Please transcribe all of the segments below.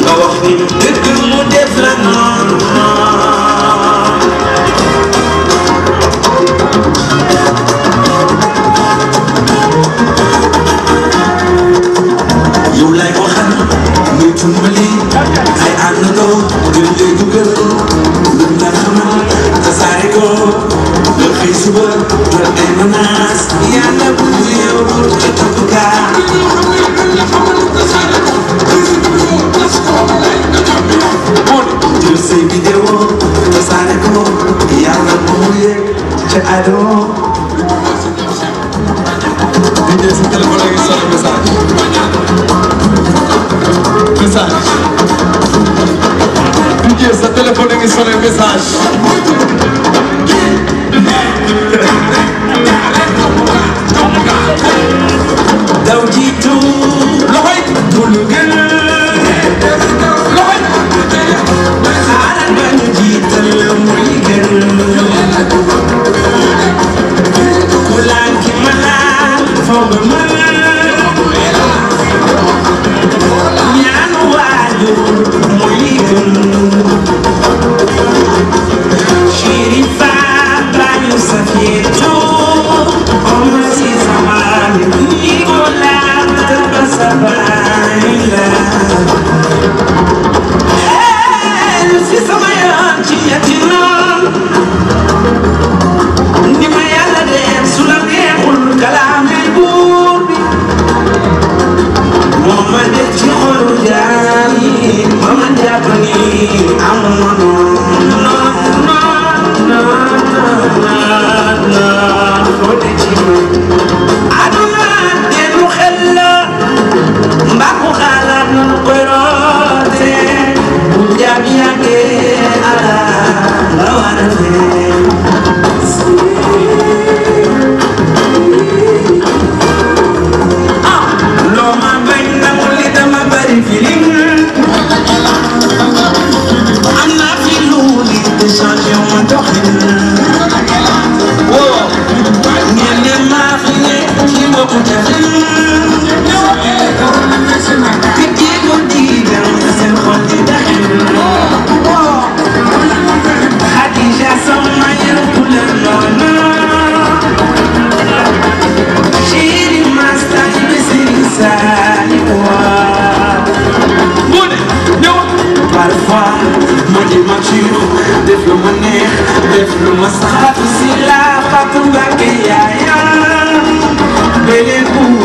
nga wax ni dëgg Dieu sa téléphone ngi sonné message. What did you. do?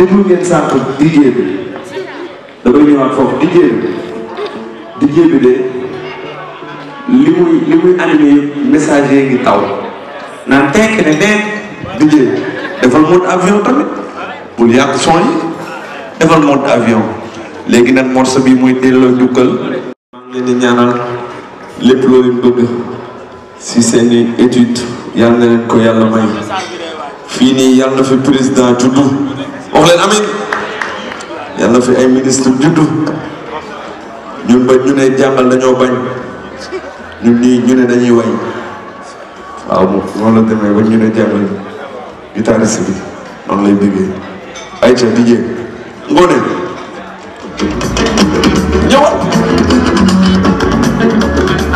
déglu ngeen sànq dijjee bi dafay ñëwaat foofu bi de li message yi taw avion tamit son yi avion léegi morceau bi muy delloo njukkal maa leen di ñaanal lépp loo étude yàlla na a ko yàlla may fii nii président wax amin yal fi ay ministre juddu ñun ba ñu ne jàngal bañ ñun ñii ñu dañuy way waaw noonu la demee ba guitariste bi lay ay DJ ngoone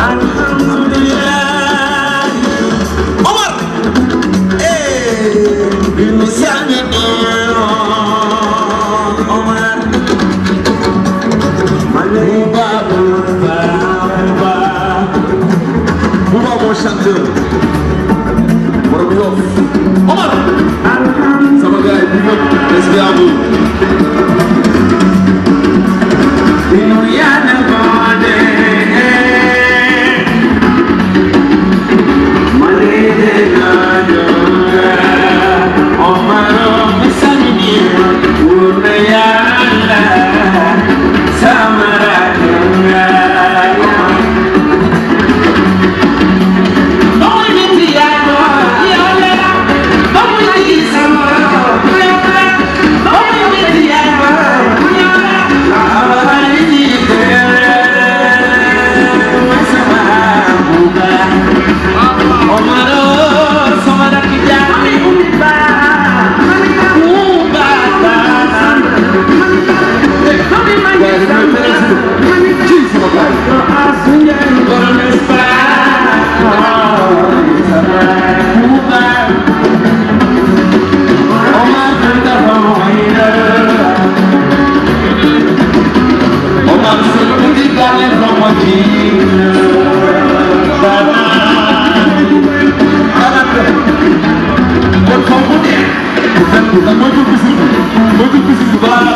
alhamdulillah Omar eh bi jë borom Yoff Omar sama gars yi bu ñëpp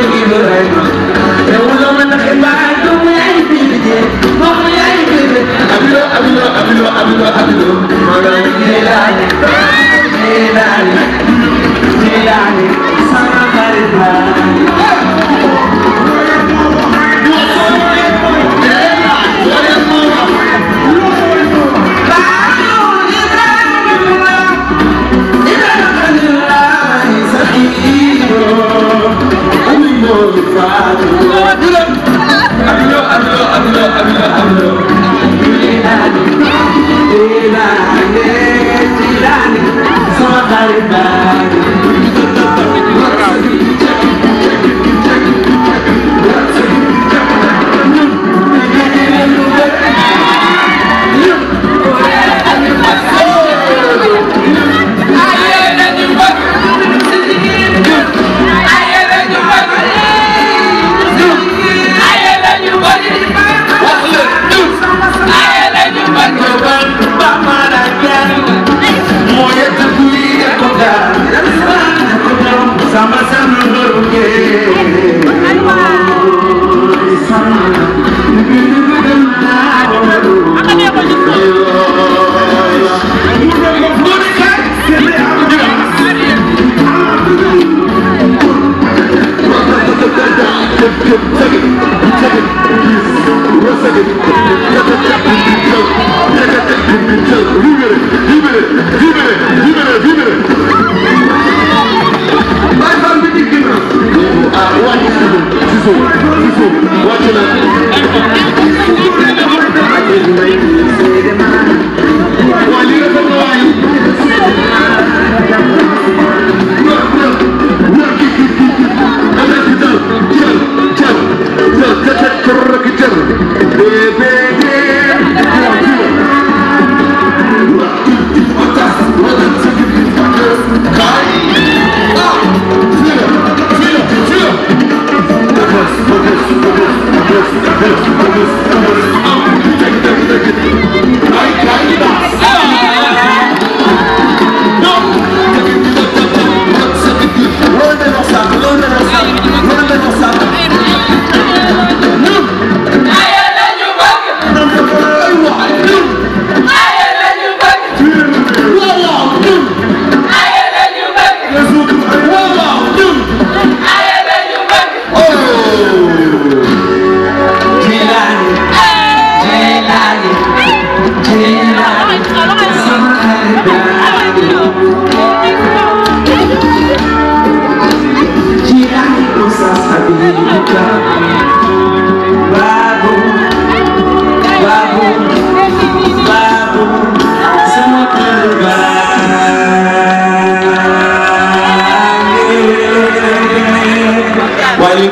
Thank you. Facebook watching us.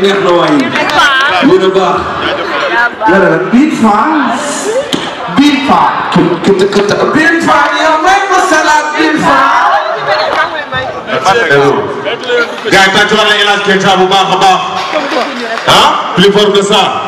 rek neex na waay yéen a baax. dara biir faa biir faa. biir faa yow may ma salaat biir faa. gars yi tàccuwaat la El Hadj Keita bu baax a baax ah plus fort que ça.